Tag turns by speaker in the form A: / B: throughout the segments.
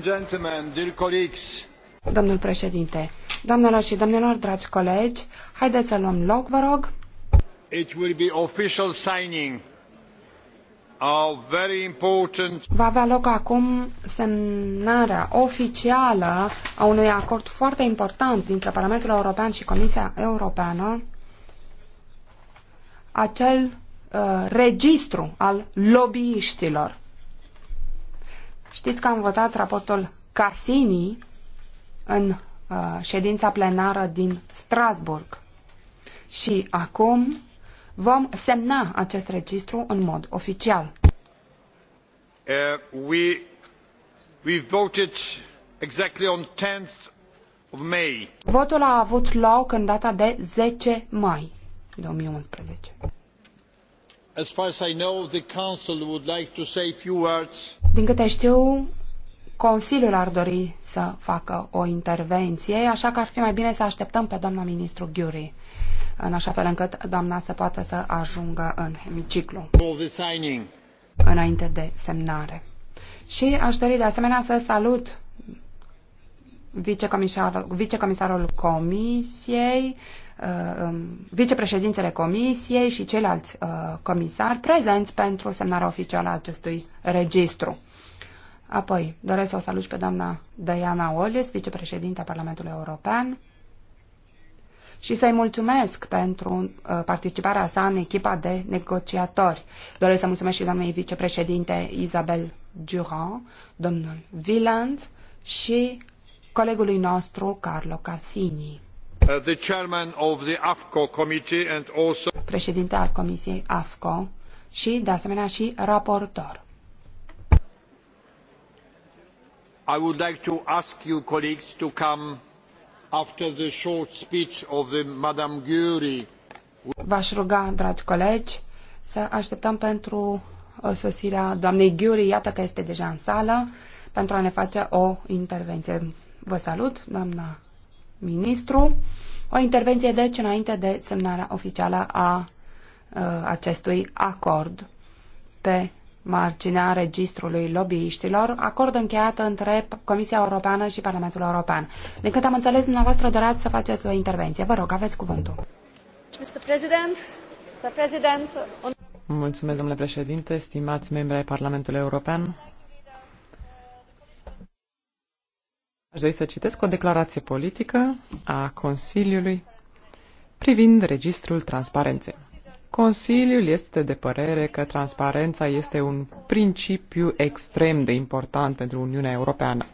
A: Domnule
B: uh, Domnul președinte, doamnelor și domnilor, dragi colegi, haideți să luăm loc, vă rog.
A: It will be official signing of very important...
B: Va avea loc acum semnarea oficială a unui acord foarte important dintre Parlamentul European și Comisia Europeană, acel uh, registru al lobbyiștilor. Știți că am votat raportul Cassini în uh, ședința plenară din Strasburg. Și acum vom semna acest registru în mod oficial. Uh,
A: we, we voted exactly on 10th of May.
B: Votul a avut loc în data de 10 mai 2011. Din câte știu, Consiliul ar dori să facă o intervenție, așa că ar fi mai bine să așteptăm pe doamna ministru Ghiuri, în așa fel încât doamna să poată să ajungă în hemiciclu înainte de semnare. Și aș dori de asemenea să salut vicecomisarul, vicecomisarul comisiei, uh, um, vicepreședintele comisiei și ceilalți uh, comisari prezenți pentru semnarea oficială a acestui registru. Apoi, doresc să o salut pe doamna Diana Olis, vicepreședinta Parlamentului European, și să-i mulțumesc pentru uh, participarea sa în echipa de negociatori. Doresc să mulțumesc și doamnei vicepreședinte Isabel Durand, domnul Villand și colegului nostru, Carlo Cassini.
A: Uh, also...
B: Președinte al Comisiei AFCO și, de asemenea, și raportor.
A: I would like to ask you, colleagues, to come after the short speech of the Madame
B: V-aș ruga, dragi colegi, să așteptăm pentru uh, sosirea doamnei Gyuri, iată că este deja în sală, pentru a ne face o intervenție. Vă salut, doamna ministru. O intervenție, deci, înainte de semnarea oficială a uh, acestui acord pe marginea registrului lobbyiștilor, acord încheiat între Comisia Europeană și Parlamentul European. Din cât am înțeles, dumneavoastră doreați să faceți o intervenție. Vă rog, aveți cuvântul. Mr. President, Mr. President, on...
C: Mulțumesc, domnule președinte, stimați membri ai Parlamentului European. Aș dori să citesc o declarație politică a Consiliului privind registrul transparenței. Consiliul este de părere că transparența este un principiu extrem de important pentru Uniunea Europeană.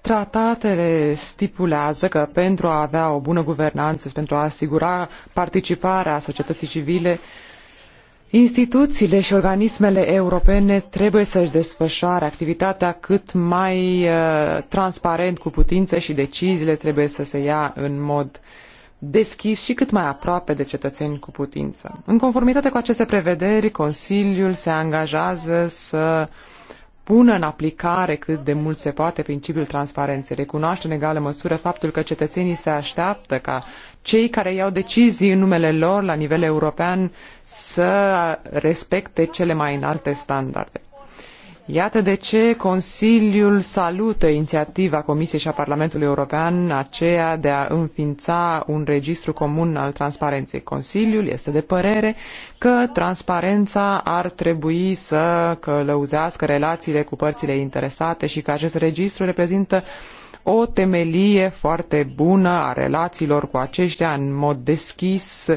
C: Tratatele stipulează că pentru a avea o bună guvernanță, pentru a asigura participarea societății civile, Instituțiile și organismele europene trebuie să-și desfășoare activitatea cât mai uh, transparent cu putință și deciziile trebuie să se ia în mod deschis și cât mai aproape de cetățeni cu putință. În conformitate cu aceste prevederi, Consiliul se angajează să uh, pună în aplicare cât de mult se poate principiul transparenței. Recunoaște în egală măsură faptul că cetățenii se așteaptă ca cei care iau decizii în numele lor la nivel european să respecte cele mai înalte standarde. Iată de ce Consiliul salută inițiativa Comisiei și a Parlamentului European aceea de a înființa un registru comun al transparenței. Consiliul este de părere că transparența ar trebui să călăuzească relațiile cu părțile interesate și că acest registru reprezintă o temelie foarte bună a relațiilor cu aceștia în mod deschis uh,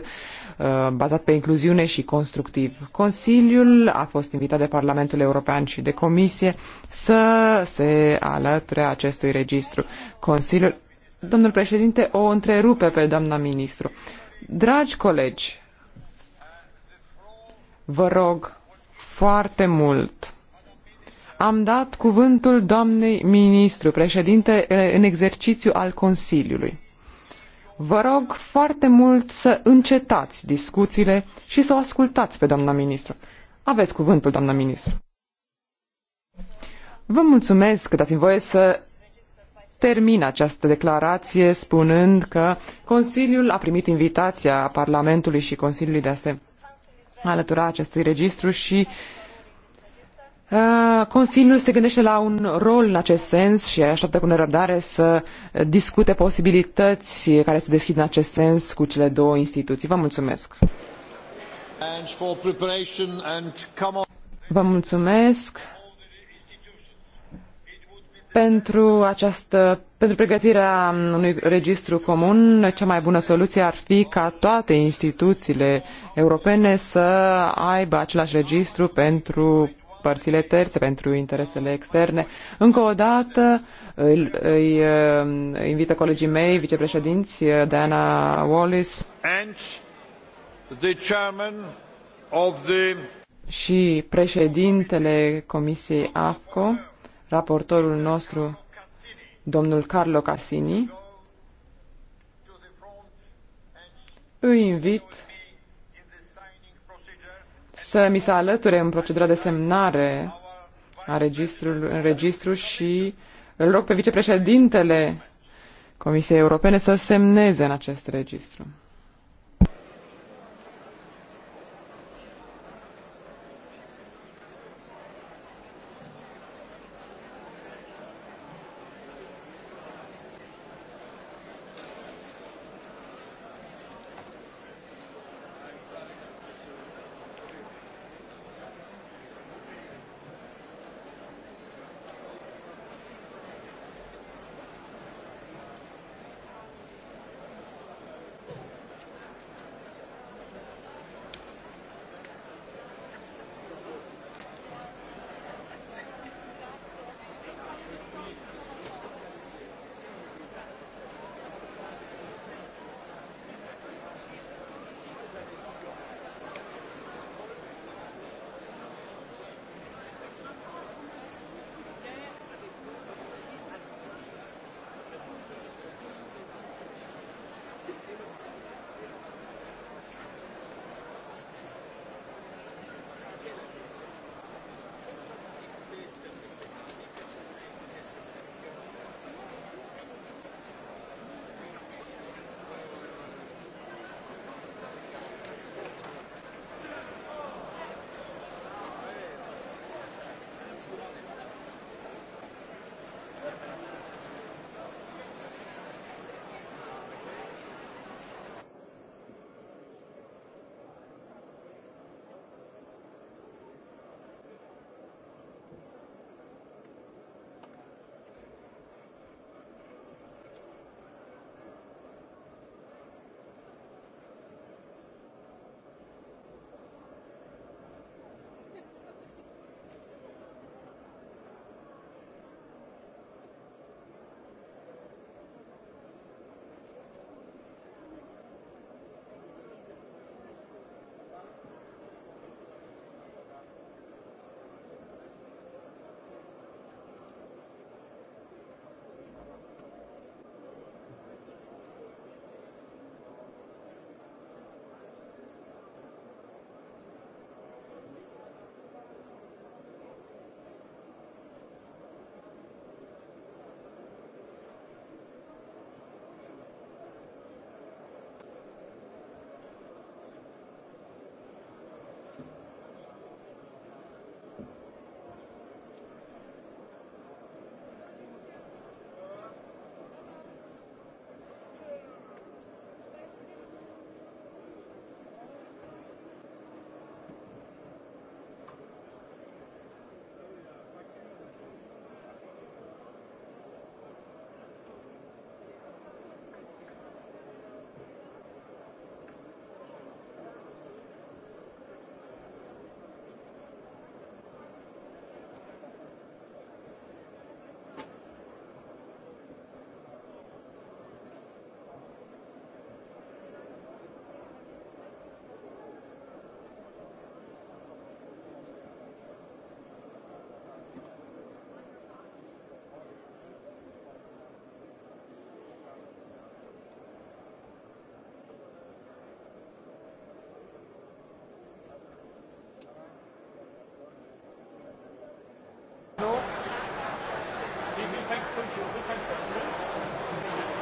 C: Uh, bazat pe incluziune și constructiv. Consiliul a fost invitat de Parlamentul European și de Comisie să se alăture acestui registru. Consiliul. Domnul președinte, o întrerupe pe doamna ministru. Dragi colegi, vă rog foarte mult. Am dat cuvântul doamnei ministru, președinte în exercițiu al Consiliului. Vă rog foarte mult să încetați discuțiile și să o ascultați pe doamna ministru. Aveți cuvântul, doamna ministru. Vă mulțumesc că dați-mi voie să termin această declarație spunând că Consiliul a primit invitația Parlamentului și Consiliului de a se alătura acestui registru și uh, Uh, Consiliul se gândește la un rol în acest sens și ateaptă cu nerăbdare să discute posibilități care se deschid în acest sens cu cele două instituții. Vă mulțumesc! Vă mulțumesc pentru această pentru pregătirea unui registru comun, cea mai bună soluție ar fi ca toate instituțiile europene să aibă același registru pentru părțile terțe, pentru interesele externe. Încă o dată îi, îi um, invită colegii mei, vicepreședinți, uh, Diana Wallis the... și președintele Comisiei AFCO, raportorul nostru, domnul Carlo Cassini, îi invit să mi se alăture în procedura de semnare a registrul, în registru și îl rog pe vicepreședintele Comisiei Europene să semneze în acest registru.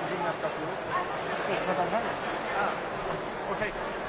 A: Bine ați capturat? Vă dați? Ah, ok.